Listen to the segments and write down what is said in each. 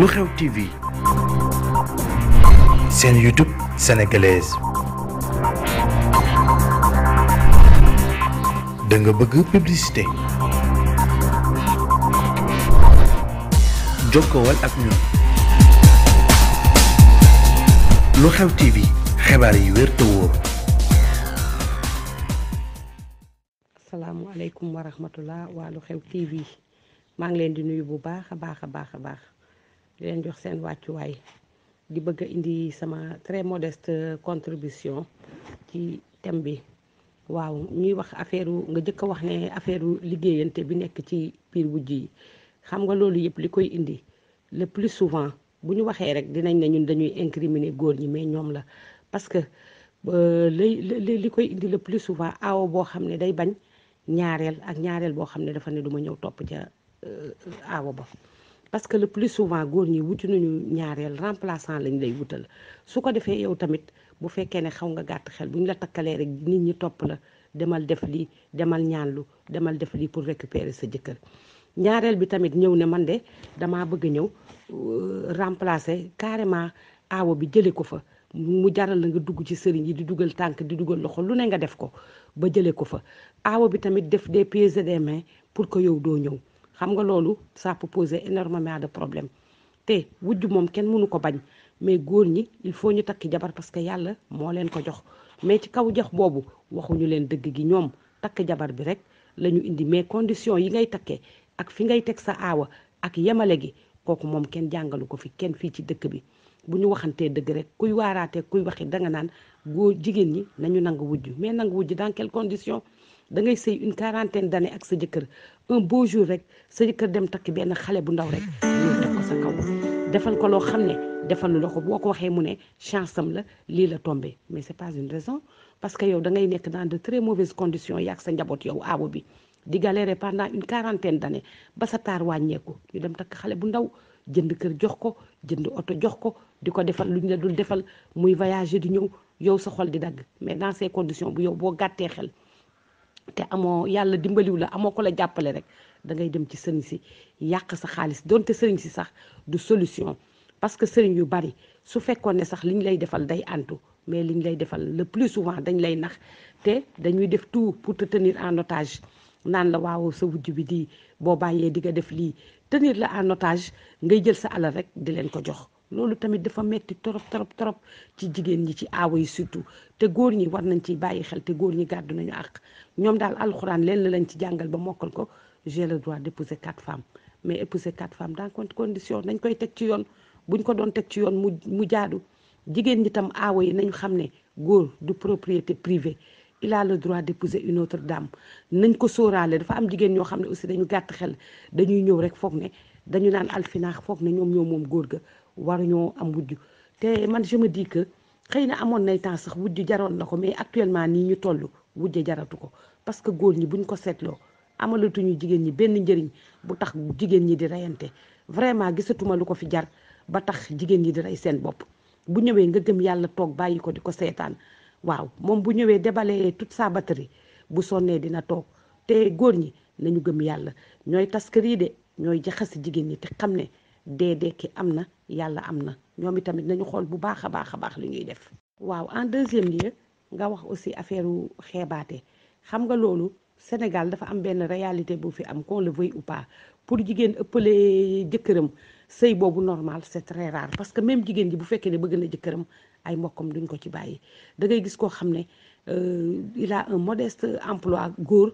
lu xew TV seen YouTube sénégalaise da nga bëgg publicité jokkowal ak ñun lu xew TV xibaar yi wér wóor. asalaamualeykum wa rahmatulah waa lu xew TV maa ngi leen di nuyu bu baax a baax a baax a baax. di leen jox seen wàccuwaay di bëgg a indi sama très modeste contribution ci thème bi waaw ñuy wax affaire nga jëkk a wax ne affaire liggéeyante bi nekk ci piir wujj yi xam nga loolu yëpp li koy indi le plus souvent bu ñu waxee rek dinañ ne ñun dañuy incriminer góor ñi mais ñoom la parce que li li koy indi le plus souvent aawo boo xam ne day bañ ñaareel ak ñaareel boo xam ne dafa ne duma ñëw topp ca euh, aawo ba parce que le plus souvent góor ñi wuti nañu ñaareel remplaçant lañ lay wutal su ko defee yow tamit bu fekkee ne xaw nga gàtt xel bu ñu la takkalee rek nit ñi topp la demal def lii demal ñaan lu demal def lii pour récupérer sa jëkkër ñaareel bi tamit ñëw ne man de damaa bëgg ñëw euh, remplacer carrément aawo bi jëlee ko fa mu jaral la nga dugg ci sëriñ yi di dugal tànk di dugal loxo lu ne nga def ko ba jëlee ko fa aawo bi tamit def des pieds et des mains pour que yow doo ñëw xam nga loolu ça peut poser énormément de problème te wujj moom kenn mënu ko bañ mais góor ñi il faut ñu takk jabar parce que yàlla moo leen ko jox mais ci kaw jox boobu waxuñu leen dëgg gi ñoom takk jabar bi rek lañu indi mais condition yi ngay takkee ak fi ngay teg sa aawa ak yemale gi kooku moom kenn jàngalu ko fi kenn fii ci dëkk bi bu ñu waxantee dëgg rek kuy waaraatee kuy waxi danga naan góor jigéen ñi nañu nanga wujj mais nanga wujj dans quelles da ngay sëy une quarantaine d'années ak sa jëkkër un beau rek sa jëkkër dem takk benn xale bu ndaw rek loolu def ko sa kaw defal ko loo xam ne defal la ko boo ko waxee mu ne chance am la lii la tombé mais c'est pas une raison parce que yow da ngay nekk dans de très mauvaises condition yaag sa njaboot yow aabo bi di galérer pendant une quarantaine d'années ba sa taar wàññeeku ñu dem takk xale bu ndaw jënd kër jox ko jënd oto jox ko di ko defal lu ñu la defal muy voyager di ñëw yow sa xol di dagg mais dans ces conditions bu yow boo gàttee xel te amoo yàlla dimbaliwu la amoo ko la jàppale rek dangay dem ci sëriñ si yàq sa xaalis donte sëriñ si sax du solution parce que sëriñ yu bari su fekkoon ne sax li ñu lay defal day antu mais li ñu lay defal le plus souvent dañ lay nax te dañuy def tout pour te tenir en otage naan la waaw sa wujj bi di boo bàyyee di nga def lii tenir la en otage ngay jël sa alal rek di leen ko jox loolu tamit dafa metti torop torop torop ci jigéen ñi ci aawo yi surtout te góor ñi war nañ ciy bàyyi xel te góor ñi gàddu nañu àq ñoom daal alxuraan leen lañ ci jàngal ba mokkal ko j'ai le droit d'épouser quatre femmes mais épouser quatre femmes dans condition dañ koy teg ci yoon buñ ko doon teg ci yoon mu mu jaadu jigéen ñi tam aawo yi nañu xam ne góor du propriété privée il a le droit d'épouser une autre dame nañ ko sóoraale dafa am jigéen ñoo xam ne aussi dañu gàtt xel dañuy ñëw rek foog ne dañu naan alfinaax foog ne ñoom ñoo moom góor ga war ñoo am wujj te man je me dis xëy na amoon nay temps sax wujj jaroon na ko mais actuellement nii ñu toll wujj jaratu ko parce que góor ñi bu ñu ko seetloo amalatuñu jigéen ñi benn njëriñ bu tax jigéen ñi di reyante vraiment gisatuma lu ko fi jar ba tax jigéen ñi di rey seen bopp bu ñëwee nga gëm yàlla toog bàyyi ko di ko seetaan waaw moom bu ñëwee débalayé toute sa batterie bu sonnee dina toog te góor ñi nañu gëm yàlla ñooy tas kër yi de ñooy jaxase jigéen ñi te xam ne dee dekki am na yàlla am na ñoom itamit nañu xool bu baax a baax a baax li ñuy def waaw en deuxième lieu nga wax aussi affaire xeebaate xam nga loolu Sénégal dafa am benn réalité bu fi am qu'on le veuille ou pas pour jigéen ëppale jëkkëram sëy boobu normal c'est très rare parce que même jigéen ji bu fekkee ne bëgg na jëkkëram ay mbokkam duñ ko ci bàyyi da ngay gis koo xam ne euh, il a un modeste emploi góor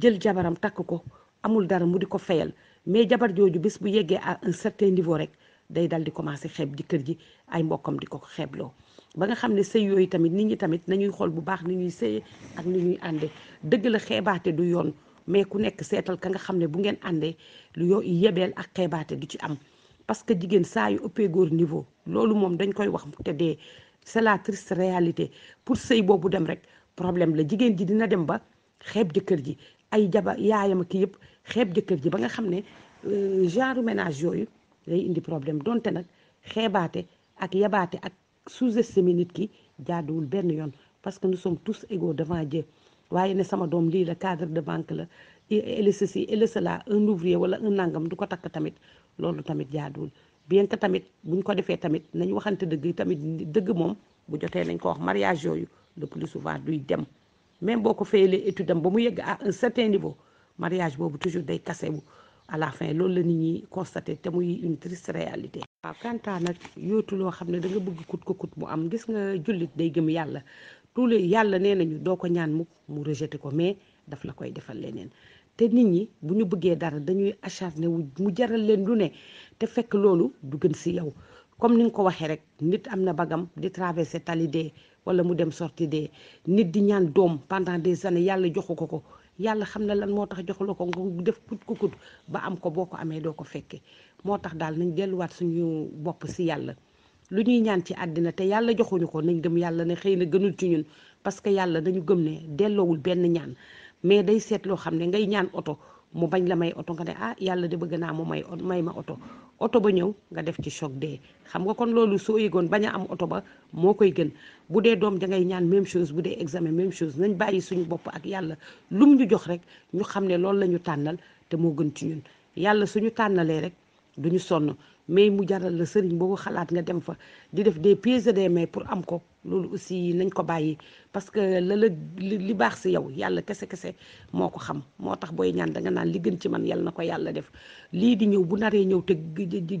jël jabaram takk ko amul dara mu di ko fayal mais jabar jooju bés bu yeggee à un certain niveau rek day dal di commencé xeeb di kër ji ay mbokkam di ko xeebloo ba nga xam ne sëy yooyu tamit nit ñi tamit nañuy xool bu baax ni ñuy sëyee ak ni ñuy àndee dëgg la xeebaate du yoon mais ku nekk seetal ka nga xam ne bu ngeen àndee lu yoo yebeel ak xeebaate du ci am parce que jigéen saa yu ëppee góor niveau loolu moom dañ koy wax te dee c'est la triste réalité pour sëy boobu dem rek problème la jigéen ji dina dem ba xeeb jëkkër ji ay jabar yaayam ki yëpp xeeb jëkkër ji ba nga xam ne euh, genre ménage yooyu lay indi problème donte nag xeebaate ak yabaate ak sous-estimer nit ki jaaduwul benn yoon parce que nous sommes tous égaux devant Dieu waaye ne sama doom lii la cadre de banque la elle ceci elle cela un ouvrier wala un nangam du ko takk tamit loolu tamit jaaduwul bien que tamit buñ ko defee tamit nañ waxante dëgg tamit dëgg moom bu jotee nañ ko wax mariage yooyu le plus souvent duy dem même boo ko fayalee étude am ba mu yegg à un certain niveau mariage boobu toujours day kase bu à la fin loolu la nit ñi constaté te muy une triste réalité. waaw kantaa nag yootu loo xam ne da nga bëgg kut ko kut mu am gis nga jullit day gëm yàlla tous les yàlla nee nañu doo ko ñaan mukk mu rejeté ko mais daf la koy defal leneen te nit ñi bu ñu bëggee dara dañuy acharné wu mu jaral leen lu ne te fekk loolu du gën si yow. comme ni nga ko waxee rek nit am na bagam di traversé tali dee wala mu dem sorti dee nit di ñaan doom pendant des années yàlla joxu ko ko yàlla xam na lan moo tax joxuloo ko nga def kut ku kut ba am ko boo ko amee doo ko fekkee moo tax daal nañ delluwaat suñu bopp si yàlla lu ñuy ñaan ci àddina te yàlla joxuñu ko nañ gëm yàlla ne xëy na gënul ci ñun parce que yàlla dañu gëm ne delloowul benn ñaan mais day seet loo xam ne ngay ñaan oto mu bañ la may oto nga ne ah yàlla de bëgg naa mu may may ma oto oto ba ñëw nga def ci choc dee xam nga kon loolu soo yëgoon bañ a am oto ba moo koy gën bu dee doom da ngay ñaan même chose bu dee examen même chose nañ bàyyi suñu bopp ak yàlla lum ñu jox rek ñu xam ne loolu la ñu tànnal te moo gën ci ñun yàlla suñu tànnalee rek duñu sonn mais mu jaral la sëriñ boo ko xalaat nga dem fa di def des pieds et des mains pour am ko loolu aussi nañ ko bàyyi parce que la la li baax si yow yàlla kese kese moo ko xam moo tax booy ñaan danga naan li gën ci man yàlla na ko yàlla def lii di ñëw bu naree ñëw te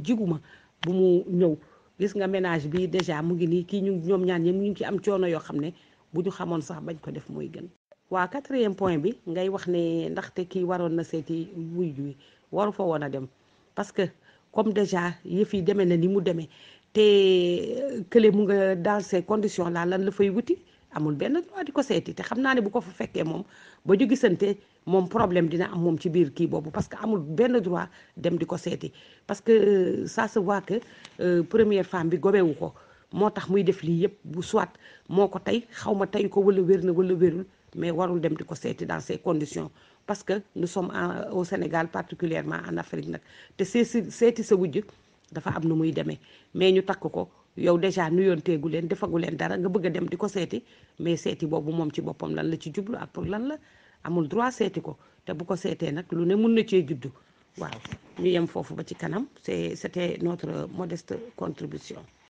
jiguma bu mu ñëw gis nga ménage bi déjà mu ngi nii kii ñu ñoom ñaan ñoom ñu ngi ci am coono yoo xam ne bu ñu xamoon sax bañ ko def mooy gën. waa quatrième point bi ngay wax ne ndaxte kii waroon na seeti wuy juy waru fa woon a dem comme déjà yëf yi demee na ni mu demee te euh, kële mu nga dans ces conditions là lan la fay wuti amul benn droit di ko seeti te xam naa ne bu ko fu fekkee moom ba ñu gisante moom problème dina am moom ci biir kii boobu parce que amul benn droit dem di ko seeti parce que euh, ça se voit que euh, première femme bi gobewu ko moo tax muy def lii yëpp bu soit moo ko tey xaw ma tey ko wala wér na wala wérul mais warul dem di ko seeti dans ces conditions parce que nous sommes en, au Sénégal particulièrement en Afrique nag te seeti seeti sa wujj dafa am nu muy demee mais ñu takk ko yow déjà nuyonteegu leen defagu leen dara nga bëgg a dem di ko seeti mais seeti boobu moom ci boppam lan la ci jublu ak pour lan la amul droit seeti ko te bu ko seetee nag lu ne mun na cee juddu waaw ñu yem foofu ba ci kanam c'est c'était notre modeste contribution